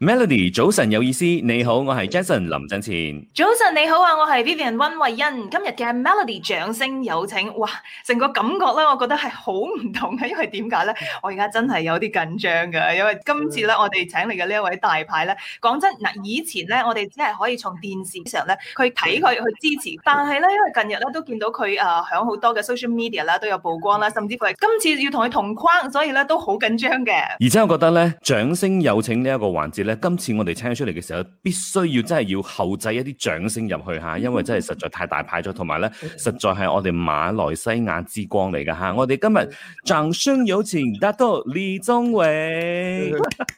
Melody 早晨有意思，你好，我係 Jason 林振前。早晨你好啊，我係 Vivian 溫慧欣。今日嘅 Melody 掌聲有請，哇，成個感覺咧，我覺得係好唔同嘅，因為點解咧？我而家真係有啲緊張噶，因為今次咧，我哋請嚟嘅呢一位大牌咧，講真嗱，以前咧，我哋只係可以從電視上咧，去睇佢去支持，但係咧，因為近日咧都見到佢誒響好多嘅 social media 啦，都有曝光啦，甚至乎係今次要同佢同框，所以咧都好緊張嘅。而且我覺得咧，掌聲有請呢一個環節。今次我哋請出嚟嘅時候，必須要真係要後製一啲掌聲入去嚇，因為真係實在太大牌咗，同埋咧，實在係我哋馬來西亞之光嚟噶嚇。我哋今日掌聲有請，得到李宗偉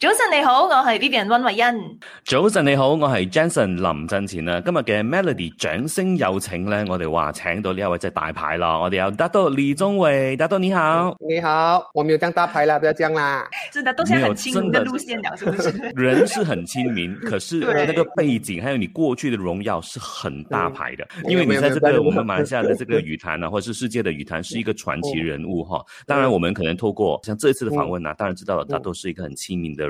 早晨你好，我是 Vivian 溫慧欣。早晨你好，我是 Johnson 林振前啦。今日嘅 Melody 掌聲有請呢，我哋話請到呢一位就係大牌啦。我哋有達到李宗偉，嗯、達到你好，你好，我沒有講大牌啦，不要講啦。真的都是很親民的路線了是不是？ 人是很親民， 可是那個背景還有你過去的榮耀是很大牌的，對因為你在這個我們馬來西亞的這個羽壇啊， 或者係世界的羽壇是一個傳奇人物哈。嗯、當然，我們可能透過像這一次的訪問啊，嗯、當然知道了，了達到都是一個很親民的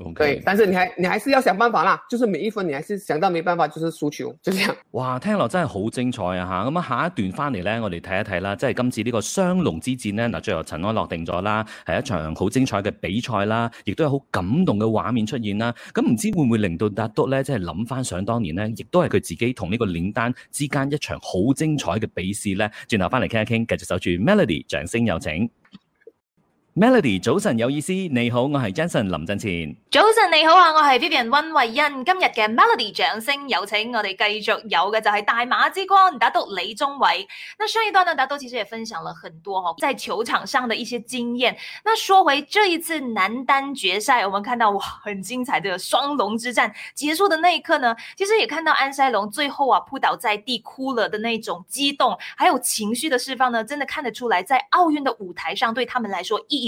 Okay, 對，但是你還你還是要想辦法啦，就是每一分你還是想到沒辦法，就是輸球，就這樣。哇，聽落真係好精彩啊吓！咁啊，下一段翻嚟咧，我哋睇一睇啦，即係今次呢個雙龍之戰咧嗱，最後塵埃落定咗啦，係一場好精彩嘅比賽啦，亦都有好感動嘅畫面出現啦。咁唔知會唔會令到拿督咧，即係諗翻想當年咧，亦都係佢自己同呢個林丹之間一場好精彩嘅比試咧，轉頭翻嚟傾一傾，繼續守住 Melody，掌聲有請。Melody，早晨有意思，你好，我係 Jason 林振前。早晨你好啊，我係 Vivian 溫慧欣。今日嘅 Melody 掌聲有請，我哋繼續有嘅就係大馬之光拿督李宗偉。那上一段呢，拿督其實也分享了很多哦，在球場上的一些經驗。那說回這一次男單決賽，我們看到哇，很精彩的雙龍之戰結束的那一刻呢，其實也看到安賽龍最後啊撲倒在地哭了的那種激動，還有情緒的釋放呢，真的看得出來，在奧運的舞台上對他們來說意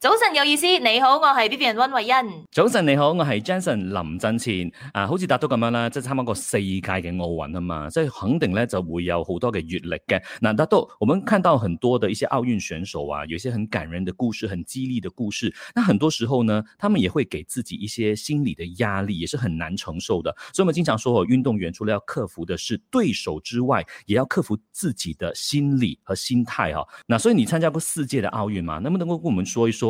早晨，有意思，你好，我係 Vivian 溫慧欣。早晨你好，我是 j a n s o n 林振前。啊，好似達都咁樣啦，即係參加過世界嘅奧運啊嘛，即係肯定咧就會有好多嘅閱歷嘅。那達到我們看到很多的一些奧運選手啊，有一些很感人的故事，很激勵的故事。那很多時候呢，他們也會給自己一些心理的壓力，也是很難承受的。所以，我們經常說，運動員除了要克服的是對手之外，也要克服自己的心理和心態哈、啊。那所以，你參加過世界的奧運嘛？能不能夠跟我們說一說？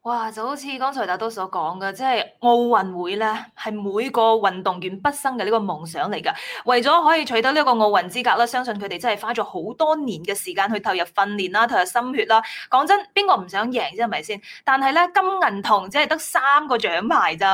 哇，就好似剛才大都所講嘅，即係奧運會咧，係每個運動員畢生嘅呢個夢想嚟㗎。為咗可以取得呢一個奧運資格啦，相信佢哋真係花咗好多年嘅時間去投入訓練啦，投入心血啦。講真，邊個唔想贏啫？係咪先？但係咧，金銀銅只係得三個獎牌咋。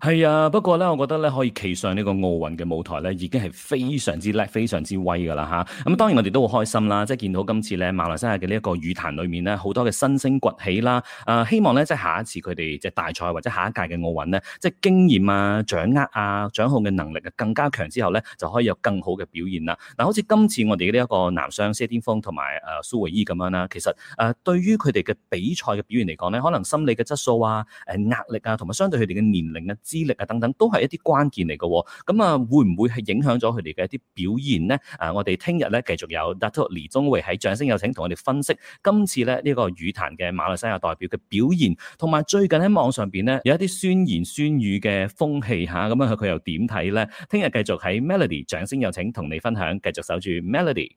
係啊，不過咧，我覺得咧，可以企上呢個奧運嘅舞台咧，已經係非常之叻、非常之威㗎啦吓，咁、嗯、當然我哋都好開心啦，即係見到今次咧馬來西亞嘅呢一個羽壇裏面咧，好多嘅新星崛起啦。啊、呃，希望咧～即係下一次佢哋即係大賽或者下一屆嘅奧運咧，即係經驗啊、掌握啊、掌控嘅能力啊，更加強之後咧，就可以有更好嘅表現啦。嗱、啊，好似今次我哋呢一個男雙謝定峰同埋誒蘇維伊咁樣啦，其實誒、呃、對於佢哋嘅比賽嘅表現嚟講咧，可能心理嘅質素啊、誒、呃、壓力啊，同埋相對佢哋嘅年齡啊、資歷啊等等，都係一啲關鍵嚟嘅、哦。咁啊，會唔會係影響咗佢哋嘅一啲表現咧？啊，我哋聽日咧繼續有 Dato 李宗偉喺掌聲有請，同我哋分析今次咧呢、這個羽壇嘅馬來西亞代表嘅表現。同埋最近喺網上面呢，有一啲酸言酸語嘅風氣下，咁啊佢又點睇呢？聽日繼續喺 Melody 掌聲，有請同你分享，繼續守住 Melody。